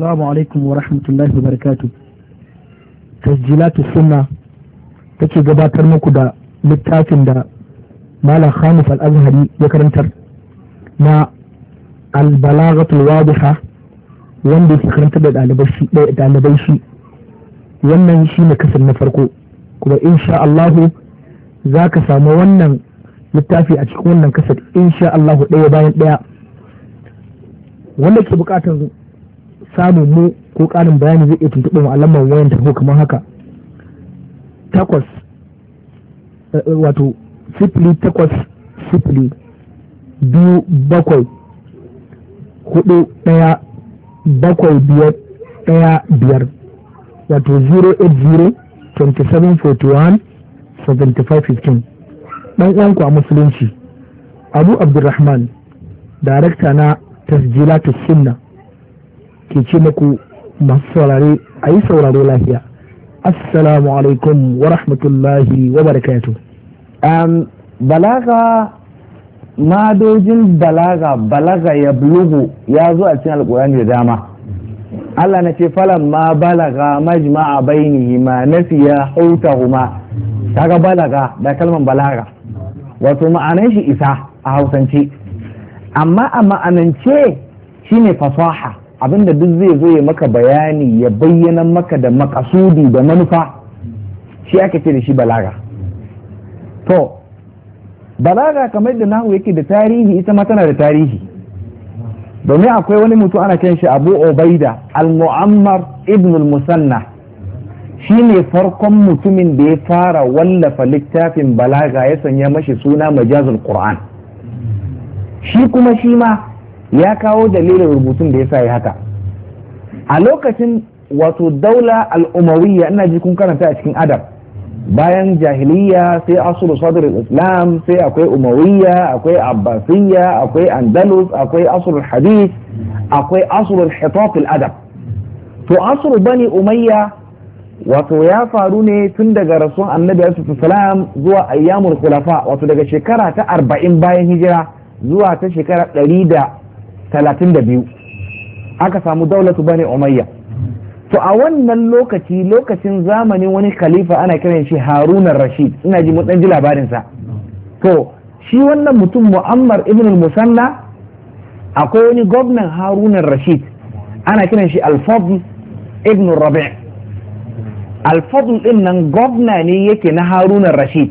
السلام عليكم ورحمة الله وبركاته تسجيلات السنة تكي gabatar muku da littafin da Malam Khamis Al-Azhari ya karantar na Al-Balaghatul Wadiha wanda yake karantar da ɗalibai shi wannan shi ne kasar na farko kuma insha Allahu za ka samu wannan littafi a cikin wannan kasar insha Allahu ɗaya bayan ɗaya wanda ke buƙatar samun mu ko ƙarin bayani zai iya tuntuɓa mu'allaman wayan tarho kamar haka takwas eh, eh, wato sifili takwas sifili biyu bakwai hudu ɗaya bakwai biyar ɗaya biyar wato 080 2741 7515 ɗan uwanku a musulunci abu abdulrahman darakta na tasjilatu sunna ke ce muku masu saurare a yi saurare lafiya assalamu alaikum wa rahmatullahi wa barakatu balaga madojin balaga balaga ya bulugu ya zo a cikin alkurani da dama Allah na ce falan ma balaga majma'a bainihi ma nafiya hautahuma kaga balaga da kalman balaga wato ma'anan shi isa a hausance amma a ma'anance ne fasaha abinda duk zai zo ya maka bayani ya bayyana maka da makasudi da manufa shi aka ce da shi balaga to balaga kamar da nahu yake da tarihi ita ma tana da tarihi domin akwai wani mutum ana kiran shi abu obaida al-mu'ammar ibn al-musanna shi ne farkon mutumin da ya fara wallafa littafin balaga ya sanya mashi suna majazul qur'an shi kuma shi ma ya kawo dalilin rubutun da ya sa haka a lokacin wato daula al'umawiyya ina ji kun karanta a cikin adab bayan jahiliya sai asulu sadr islam sai akwai umawiyya akwai abbasiyya akwai andalus akwai asulu hadith akwai asulu hitaf adab to asulu bani umayya wato ya faru ne tun daga rasuwan annabi yusuf salam zuwa ayyamul khulafa wato daga shekara ta arba'in bayan hijira zuwa ta shekara ɗari da talatin da biyu aka samu daulatu bani umayya to a wannan lokaci lokacin zamani wani khalifa ana kiran shi harunan rashid ina ji mun ji labarinsa to shi wannan mutum mu'ammar ibn musanna akwai wani gwamnan harunan rashid ana kiran shi alfadl ibn rabi' alfadl din nan gwamna ne yake na harunan rashid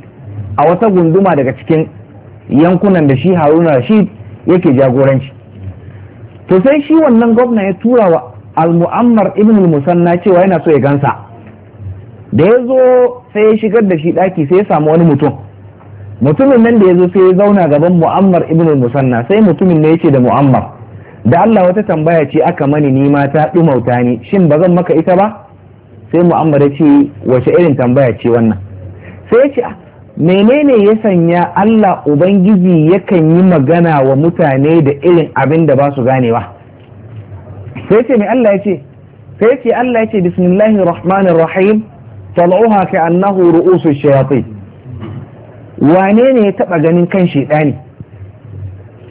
a wata gunduma daga cikin yankunan da shi harunan rashid yake jagoranci to sai shi wannan gwamna ya tura wa al-mu'ammar ibn al-musanna cewa yana so ya gansa da ya zo sai ya shigar da shi daki sai ya samu wani mutum mutumin nan da ya zo sai ya zauna gaban mu'ammar ibn al-musanna sai mutumin ne yace da mu'ammar da Allah wata tambaya ce aka mani ni ma ta dumauta ni shin ba zan maka ita ba sai mu'ammar ya ce wace irin tambaya ce wannan sai ya ce ah, menene ya sanya Allah Ubangiji yakan yi magana wa mutane da irin abin da ba su ganewa sai ce mai Allah ya ce sai ce Allah ya ce bismillahir rahmanir rahim tal'uha ka annahu ru'usu shayatin wane ne ya taba ganin kan shedani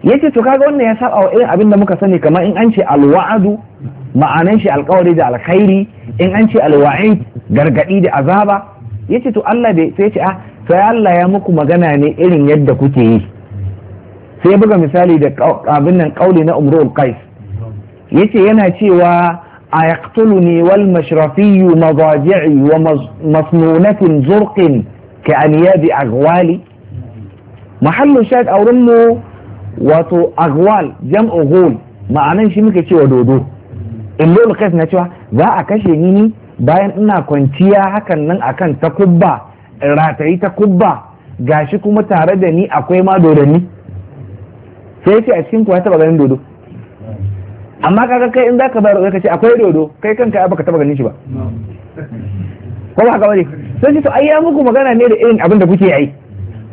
yace to kaga wannan ya saba wa irin abin da muka sani kamar in an ce alwa'adu ma'anan shi alkawari da alkhairi in an ce alwa'id gargadi da azaba yace to Allah bai sai ce a ah, sai Allah ya muku magana ne irin yadda kuke yi sai buga misali da abin nan kauli na umrul qais yace yana cewa a yaqtuluni wal mashrafiyyu madaji'i wa masnunatin zurqin ka aniyadi aghwali mahallu shad aurin mu wato aghwal jam'u ghul ma'anan shi muke cewa dodo imrul qais na cewa za a kashe ni bayan ina kwanciya hakan nan akan takubba ratayi ta kubba ga shi kuma tare da ni akwai ma dodanni sai ce a cikin kuwa taba ganin dodo amma kaga kai in zaka bayar da ce akwai dodo kai kanka baka taba ganin shi ba ko ba ka sai ce to ai ya muku magana ne da irin abin da kuke yi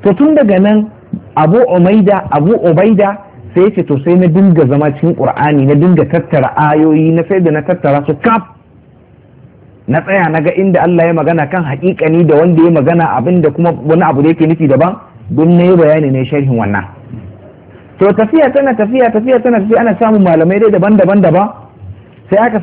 to tun daga nan Abu Umaida Abu Ubaida sai ce to sai na dinga zama cikin Qur'ani na dinga tattara ayoyi na sai da na tattara su kaf na tsaya na ga inda Allah ya magana kan haƙiƙani da wanda ya magana abin da kuma wani abu da yake nufi daban don na yi bayani na sharhin wannan to tafiya tana tafiya tafiya tana tafiya ana samun malamai dai daban daban daban sai aka